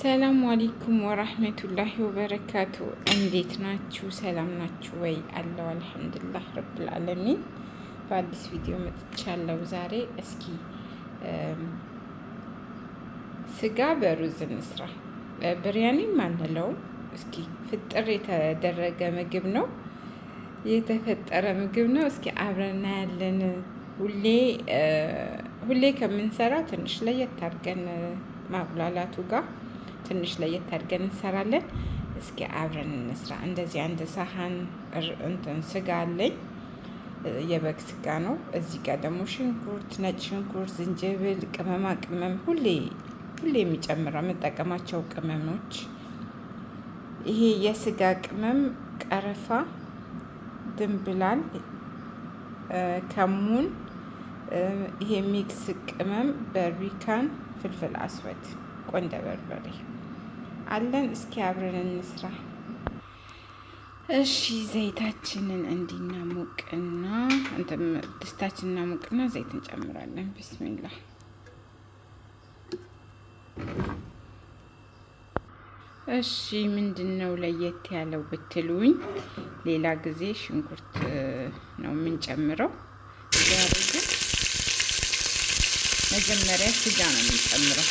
ሰላም አሌይኩም ወራህመቱላሂ ወበረካቱ። እንዴት ናችሁ? ሰላም ናችሁ ወይ? አለው አልሐምዱሊላህ ረብል ዓለሚን። በአዲስ ቪዲዮ መጥቻለሁ ዛሬ። እስኪ ስጋ በሩዝ እንስራ። ብርያኒም አንለውም። እስኪ ፍጥር የተደረገ ምግብ ነው፣ የተፈጠረ ምግብ ነው። እስኪ አብረን እናያለን። ሁሌ ሁሌ ከምንሰራ ትንሽ ለየት አድርገን ማቁላላቱ ጋር ትንሽ ለየት አድርገን እንሰራለን። እስኪ አብረን እንስራ። እንደዚህ አንድ ሳህን እንትን ስጋ አለኝ፣ የበግ ስጋ ነው። እዚህ ጋር ደግሞ ሽንኩርት፣ ነጭ ሽንኩርት፣ ዝንጅብል፣ ቅመማ ቅመም ሁሌ ሁሌ የሚጨምረው የምጠቀማቸው ቅመሞች ይሄ የስጋ ቅመም ቀረፋ፣ ድንብላል፣ ከሙን፣ ይሄ ሚክስ ቅመም፣ በሪካን ፍልፍል አስወድ ቆንደ በርበሬ አለን። እስኪ አብረን እንስራ። እሺ ዘይታችንን እንዲናሞቅና ድስታችንን እናሙቅና ዘይት እንጨምራለን። ብስሚላ እሺ ምንድን ነው ለየት ያለው ብትሉኝ፣ ሌላ ጊዜ ሽንኩርት ነው የምንጨምረው። ዛሬ ግን መጀመሪያ ስጋ ነው የምንጨምረው።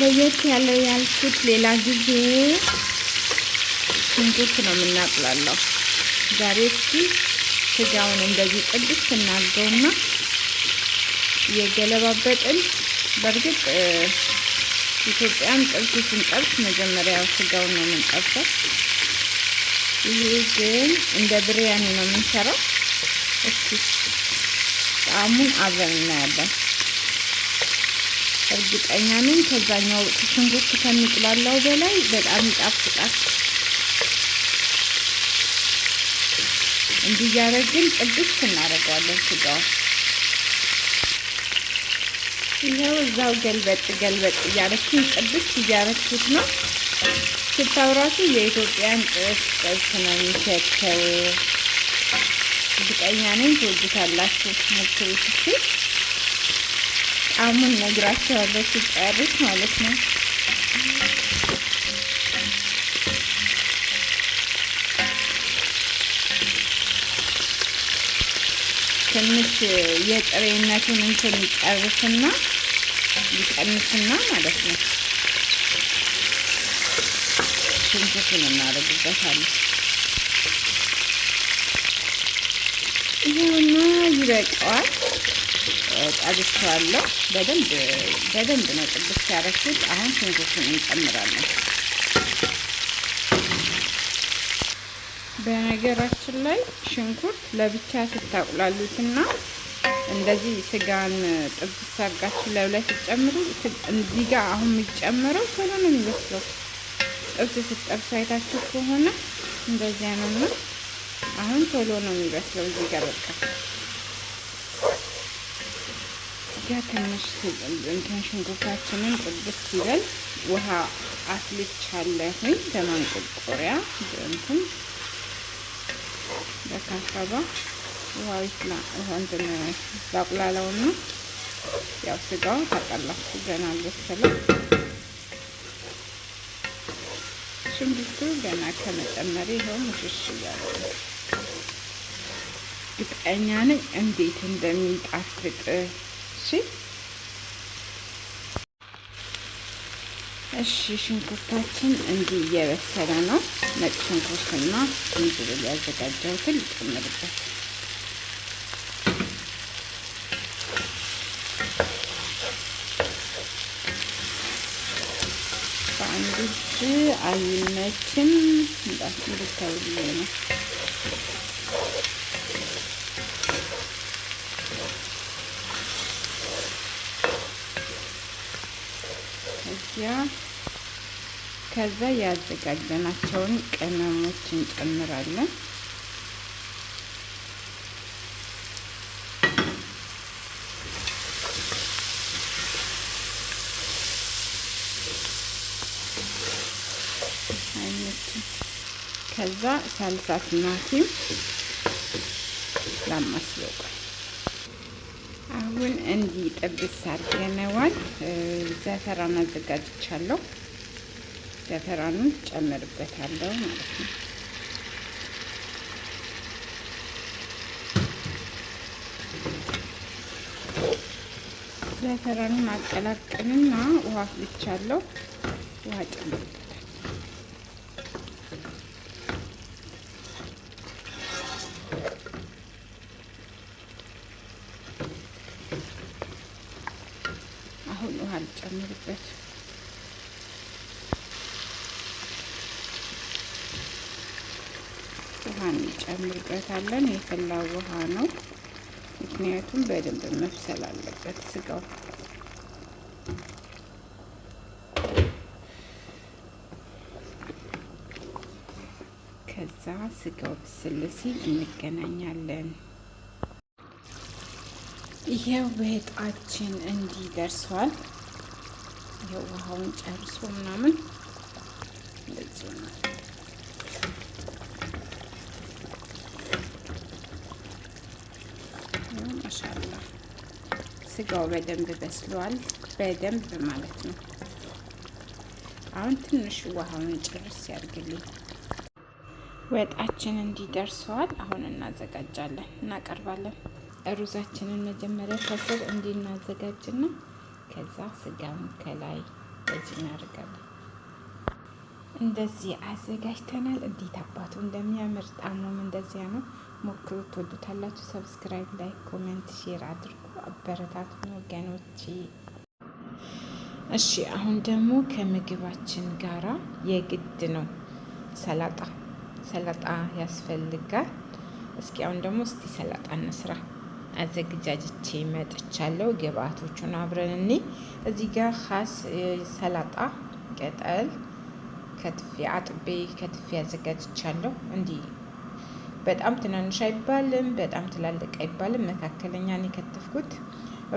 ለየት ያለው ያልኩት ሌላ ጊዜ ሽንኩርት ነው የምናቅላለው። ዛሬ እስኪ ስጋውን እንደዚህ ጥብስ እናድርገውና የገለባበጥን በእርግጥ ኢትዮጵያን ጥብስ ስንጠብስ መጀመሪያ ስጋውን ነው የምንጠብሰው። ይሄ ግን እንደ ብርያኔ ነው የምንሰራው። እስኪ ጣዕሙን አብረን እናያለን። እርግጠኛ ነኝ ከዛኛው ሽንኩርት ከሚቁላላው በላይ በጣም ይጣፍጣል። እንዲህ እያደረግን ጥብስ እናደርገዋለን። ስጋው ይኸው እዛው ገልበጥ ገልበጥ እያደረግን ጥብስ እያደረግኩት ነው። ስታውራሱ የኢትዮጵያን ጥብስ ጥብስ ነው የሚሸተው። እርግጠኛ ነኝ ትወዱታላችሁ። ሞክሩት። ጣዕሙን ነግራቸዋለሁ ሲጨርስ ማለት ነው። ትንሽ የጥሬነቱን እንትን ይጨርስና ይቀንስና ማለት ነው። ሽንኩርቱን እናደርግበታለን። ይኸውና ይበቃዋል። ጠብቼዋለሁ። በደንብ በደንብ ነው ጥብስ ያደረኩት። አሁን ሽንኩርቱን እንጨምራለን። በነገራችን ላይ ሽንኩርት ለብቻ ስታቁላሉትና እንደዚህ ስጋን ጥብስ አድርጋችሁ ላዩ ላይ ስትጨምሩ እዚህ ጋር አሁን የሚጨምረው ቶሎ ነው የሚበስለው። ጥብስ ስትጠብሱ አይታችሁ ከሆነ እንደዚያ ነው። አሁን ቶሎ ነው የሚበስለው እዚህ ጋር በቃ ጋር ትንሽ እንትን ሽንኩርታችንን ጥብስ ሲበል ውሃ አፍልቻለሁኝ በማንቆርቆሪያ እንትን በካካባ ውሃው ይፍላ እንትን ነው። ያው ስጋው ታውቃላችሁ ገና አልበሰለም። ሽንኩርቱ ገና ከመጨመር ይኸው ሙሽሽ እያለ እርግጠኛ ነኝ እንዴት እንደሚጣፍጥ እሺ እሺ ሽንኩርታችን እንዲህ እየበሰለ ነው። ነጭ ሽንኩርትና ዝንጅብል ያዘጋጀሁትን ልጨምርበት። በአንድ እጅ አይመችም። እንዳትሉ ነው ማንኪያ ከዛ ያዘጋጀናቸውን ቅመሞች እንጨምራለን። ከዛ ሳልሳ ቲማቲም ላማስበቃል ምግቡን እንዲህ ጥብስ አድርገነዋል። ዘፈራን አዘጋጅቻለሁ። ዘፈራኑን ጨምርበታለሁ ማለት ነው። ዘፈራኑን አቀላቅልና ውሃ አፍልቻለሁ። ውሃ ጨምርበት ውሃ ልጨምርበት። ውሃ እንጨምርበታለን። የፈላ ውሃ ነው፣ ምክንያቱም በደንብ መብሰል አለበት ስጋው። ከዛ ስጋው ብስል ሲል እንገናኛለን። ይሄው ወጣችን እንዲደርሷል። ይሄው ውሃውን ጨርሶ ምናምን እንደዚህ ነው። ማሻላ ስጋው በደንብ በስሏል፣ በደንብ ማለት ነው። አሁን ትንሽ ውሃውን ጭርስ ያድርግልኝ። ወጣችን እንዲደርሰዋል አሁን እናዘጋጃለን፣ እናቀርባለን። ሩዛችንን መጀመሪያ ከስር እንዲናዘጋጅና ከዛ ስጋም ከላይ በዚህ እናደርጋለን። እንደዚህ አዘጋጅተናል። እንዴት አባቱ እንደሚያምር ጣሙም እንደዚያ ነው። ሞክሩ፣ ትወዱታላችሁ። ሰብስክራይብ፣ ላይክ ኮሜንት፣ ሼር አድርጉ። አበረታት ወገኖች። እሺ አሁን ደግሞ ከምግባችን ጋራ የግድ ነው ሰላጣ ሰላጣ ያስፈልጋል። እስኪ አሁን ደግሞ እስቲ ሰላጣ እንስራ። አዘግጃጅቼ መጥቻለሁ። ግብአቶቹን አብረን እኔ እዚህ ጋር ካስ ሰላጣ ቅጠል ከትፌ አጥቤ ከትፌ አዘጋጅቻለሁ። እንዲህ በጣም ትናንሽ አይባልም፣ በጣም ትላልቅ አይባልም፣ መካከለኛ ነው የከተፍኩት።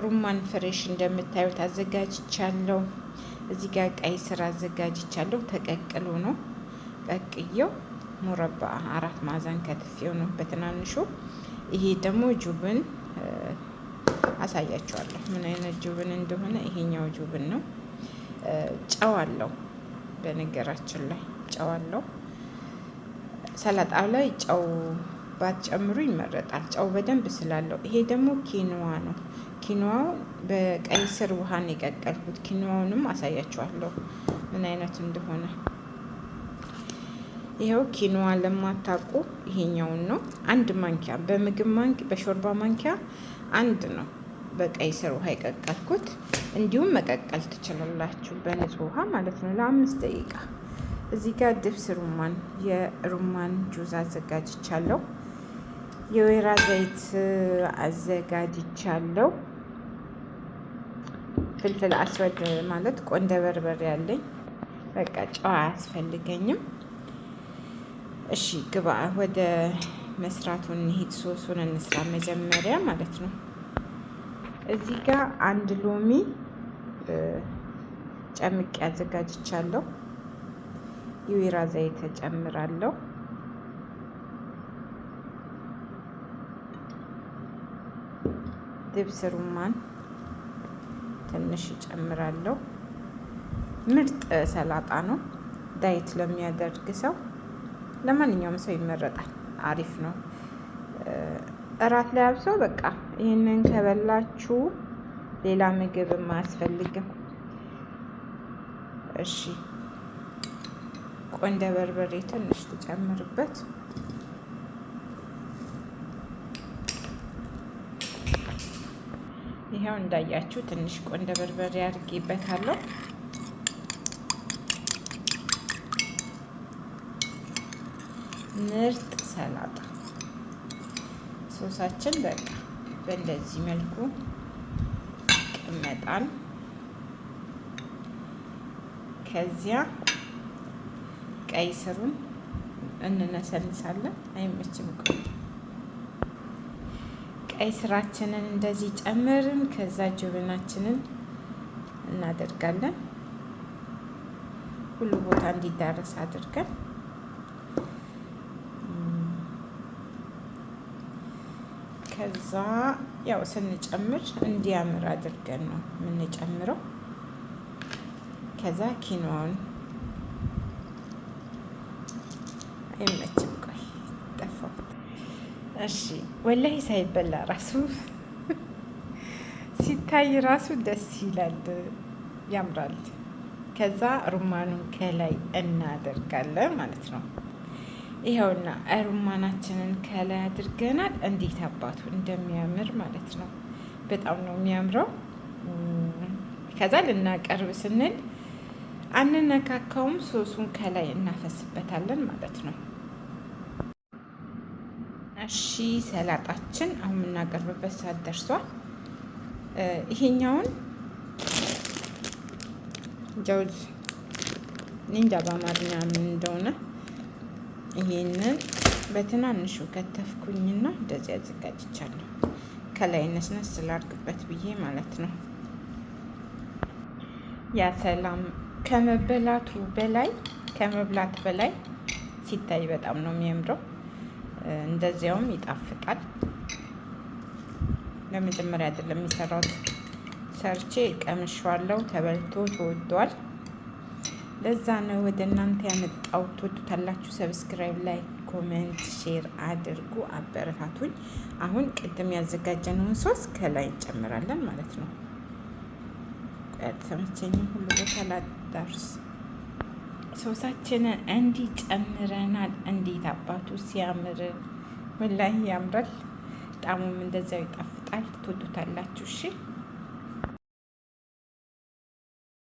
ሩማን ፍሬሽ እንደምታዩት አዘጋጅቻለሁ። እዚህ ጋር ቀይ ስር አዘጋጅቻለሁ። ተቀቅሎ ነው ቀቅየው ሙረባ አራት ማዕዘን ከትፌው ነው በትናንሹ። ይሄ ደግሞ ጁብን አሳያቸዋለሁ ምን አይነት ጁብን እንደሆነ። ይሄኛው ጁብን ነው። ጨው አለው። በነገራችን ላይ ጨው አለው። ሰላጣው ላይ ጨው ባትጨምሩ ይመረጣል። ጨው በደንብ ስላለው። ይሄ ደግሞ ኪንዋ ነው። ኪንዋው በቀይ ስር ውሃን የቀቀልኩት። ኪንዋውንም አሳያቸዋለሁ ምን አይነት እንደሆነ። ይኸው ኪኖዋ ለማታውቁ ይሄኛውን ነው። አንድ ማንኪያ በምግብ ማንኪያ በሾርባ ማንኪያ አንድ ነው። በቀይ ስር ውሃ የቀቀልኩት እንዲሁም መቀቀል ትችላላችሁ፣ በንጹህ ውሃ ማለት ነው። ለአምስት ደቂቃ እዚህ ጋር ድብስ ሩማን የሩማን ጁዝ አዘጋጅቻለሁ። የወይራ ዘይት አዘጋጅቻለሁ። ፍልፍል አስወድ ማለት ቆንደ በርበሬ ያለኝ በቃ ጨው አያስፈልገኝም። እሺ ግባ ወደ መስራቱን እንሂድ። ሶሱን እንስራ መጀመሪያ ማለት ነው። እዚህ ጋር አንድ ሎሚ ጨምቄ አዘጋጅቻለሁ። የወይራ ዘይት ተጨምራለሁ። ድብስ ሩማን ትንሽ እጨምራለሁ። ምርጥ ሰላጣ ነው። ዳይት ለሚያደርግ ሰው ለማንኛውም ሰው ይመረጣል። አሪፍ ነው። እራት ላይ አብሶ በቃ ይህንን ከበላችሁ ሌላ ምግብም አያስፈልግም። እሺ ቆንደ በርበሬ ትንሽ ትጨምርበት። ይኸው እንዳያችሁ ትንሽ ቆንደ በርበሬ አድርጌበታለሁ። ምርጥ ሰላጣ ሶሳችን በቃ በእንደዚህ መልኩ ይቀመጣል። ከዚያ ቀይ ስሩን እንነሰንሳለን። አይመችም ቆይ ቀይ ስራችንን እንደዚህ ጨምርን። ከዛ ጆበናችንን እናደርጋለን። ሁሉ ቦታ እንዲዳረስ አድርገን ከዛ ያው ስንጨምር እንዲያምር አድርገን ነው የምንጨምረው። ከዛ ኪኖን አይመችም። ቆይ ጠፋሁት። እሺ ወላሂ ሳይበላ ራሱ ሲታይ ራሱ ደስ ይላል፣ ያምራል። ከዛ ሩማኑን ከላይ እናደርጋለን ማለት ነው። ይኸውና ሩማናችንን ከላይ አድርገናል። እንዴት አባቱ እንደሚያምር ማለት ነው። በጣም ነው የሚያምረው። ከዛ ልናቀርብ ስንል አንነካካውም፣ ሶሱን ከላይ እናፈስበታለን ማለት ነው። እሺ ሰላጣችን አሁን የምናቀርብበት ሰዓት ደርሷል። ይሄኛውን ጀውዝ እንጃ በአማርኛ ምን እንደሆነ ይሄንን በትናንሹ ከተፍኩኝና እንደዚህ አዘጋጅቻለሁ። ከላይ ነስነስ ስላርግበት ብዬ ማለት ነው። ያ ሰላም ከመበላቱ በላይ ከመብላት በላይ ሲታይ በጣም ነው የሚያምረው። እንደዚያውም ይጣፍጣል። ለመጀመሪያ አይደለም የሚሰራው፣ ሰርቼ ቀምሼዋለሁ። ተበልቶ ተወዷል። ለዛ ነው ወደ እናንተ ያመጣው። ትወዱታላችሁ። ሰብስክራይብ፣ ላይክ፣ ኮሜንት፣ ሼር አድርጉ፣ አበረታቱኝ። አሁን ቅድም ያዘጋጀነውን ሶስ ከላይ እንጨምራለን ማለት ነው። ተመቸኝም ሁሉ ቦታ ላዳርስ። ሶሳችንን እንዲህ ጨምረናል። እንዴት አባቱ ሲያምር! ላይ ያምራል። ጣሙም እንደዚያው ይጣፍጣል። ትወዱታላችሁ። እሺ